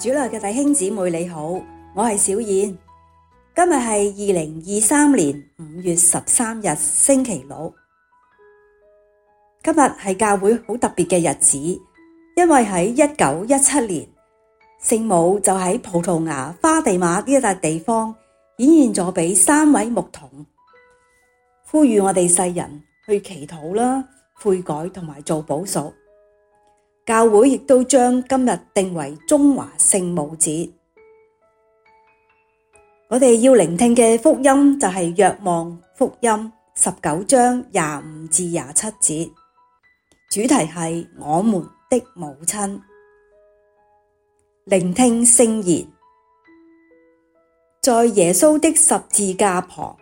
主內嘅弟兄姊妹你好，我係小燕。今日係二零二三年五月十三日星期六。今日係教會好特別嘅日子，因為喺一九一七年，聖母就喺葡萄牙花地瑪呢一笪地方顯現咗俾三位牧童，呼籲我哋世人去祈禱啦、悔改同埋做補贖。教會亦都將今日定為中華聖母節。我哋要聆聽嘅福音就係《若望福音》十九章廿五至廿七節，主題係我們的母親。聆聽聖言，在耶穌的十字架旁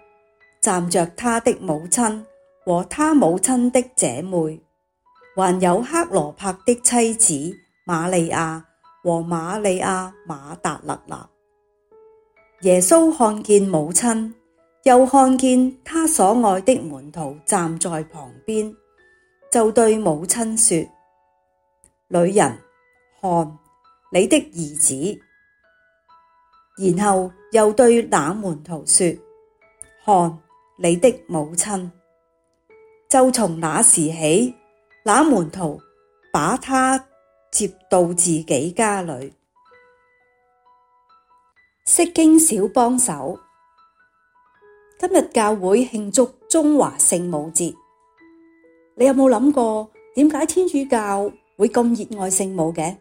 站着他的母親和他母親的姐妹。還有克羅帕的妻子瑪利亞和瑪利亞馬達肋納。耶穌看見母親，又看見他所愛的門徒站在旁邊，就對母親說：女人，看，你的兒子。然後又對那門徒說：看，你的母親。就從那時起。那門徒把他接到自己家裡，釋經小幫手。今日教會慶祝中華聖母節，你有冇諗過點解天主教會咁熱愛聖母嘅？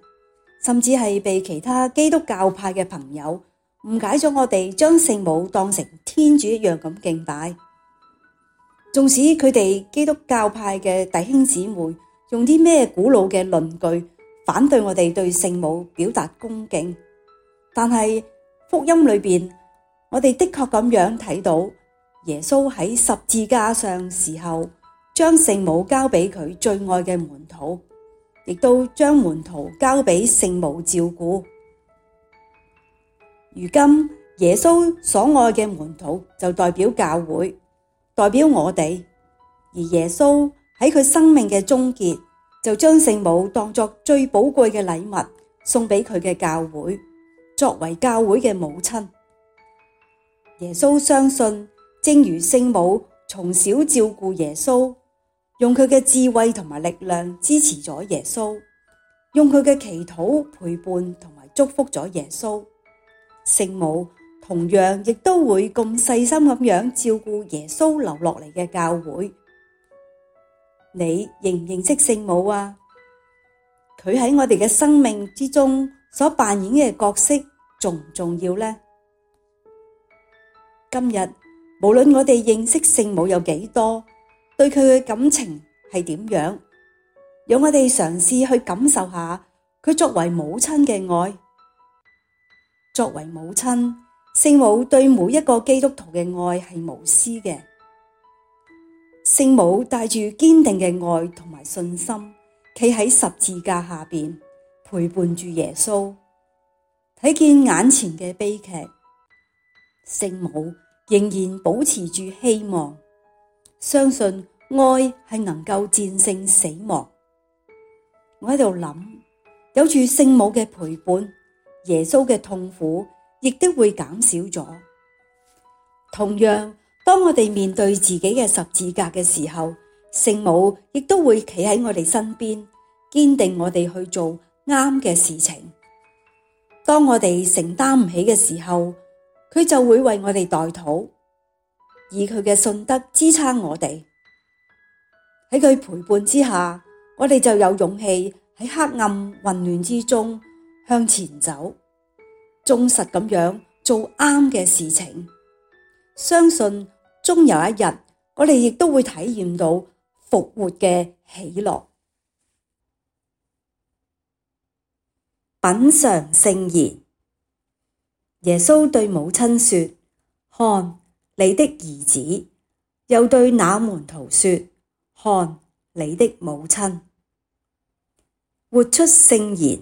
甚至係被其他基督教派嘅朋友誤解咗，我哋將聖母當成天主一樣咁敬拜。縱使佢哋基督教派嘅弟兄姊妹用啲咩古老嘅論據反對我哋對聖母表達恭敬，但係福音裏邊，我哋的確咁樣睇到耶穌喺十字架上時候，將聖母交俾佢最愛嘅門徒，亦都將門徒交俾聖母照顧。如今耶穌所愛嘅門徒就代表教會。代表我哋，而耶穌喺佢生命嘅終結，就將聖母當作最寶貴嘅禮物送俾佢嘅教會，作為教會嘅母親。耶穌相信，正如聖母從小照顧耶穌，用佢嘅智慧同埋力量支持咗耶穌，用佢嘅祈禱陪伴同埋祝福咗耶穌。聖母。同樣亦都會咁細心咁樣照顧耶穌留落嚟嘅教會。你認唔認識聖母啊？佢喺我哋嘅生命之中所扮演嘅角色重唔重要呢？今日無論我哋認識聖母有幾多，對佢嘅感情係點樣，讓我哋嘗試去感受下佢作為母親嘅愛，作為母親。聖母對每一個基督徒嘅愛係無私嘅，聖母帶住堅定嘅愛同埋信心，企喺十字架下邊陪伴住耶穌，睇見眼前嘅悲劇，聖母仍然保持住希望，相信愛係能夠戰勝死亡。我喺度諗，有住聖母嘅陪伴，耶穌嘅痛苦。亦都會減少咗。同樣，當我哋面對自己嘅十字架嘅時候，聖母亦都會企喺我哋身邊，堅定我哋去做啱嘅事情。當我哋承擔唔起嘅時候，佢就會為我哋代禱，以佢嘅信德支撐我哋。喺佢陪伴之下，我哋就有勇氣喺黑暗混亂之中向前走。忠實咁樣做啱嘅事情，相信終有一日，我哋亦都會體驗到復活嘅喜樂。品嘗聖言，耶穌對母親說：看你的兒子。又對那門徒說：看你的母親。活出聖言。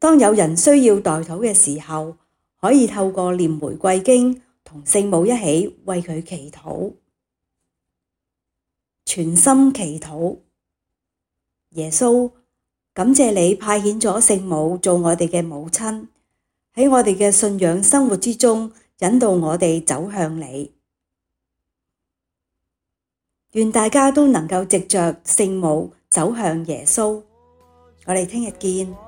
當有人需要代禱嘅時候，可以透過念玫瑰經同聖母一起為佢祈禱，全心祈禱。耶穌，感謝你派遣咗聖母做我哋嘅母親，喺我哋嘅信仰生活之中引導我哋走向你。願大家都能夠藉着聖母走向耶穌。我哋聽日見。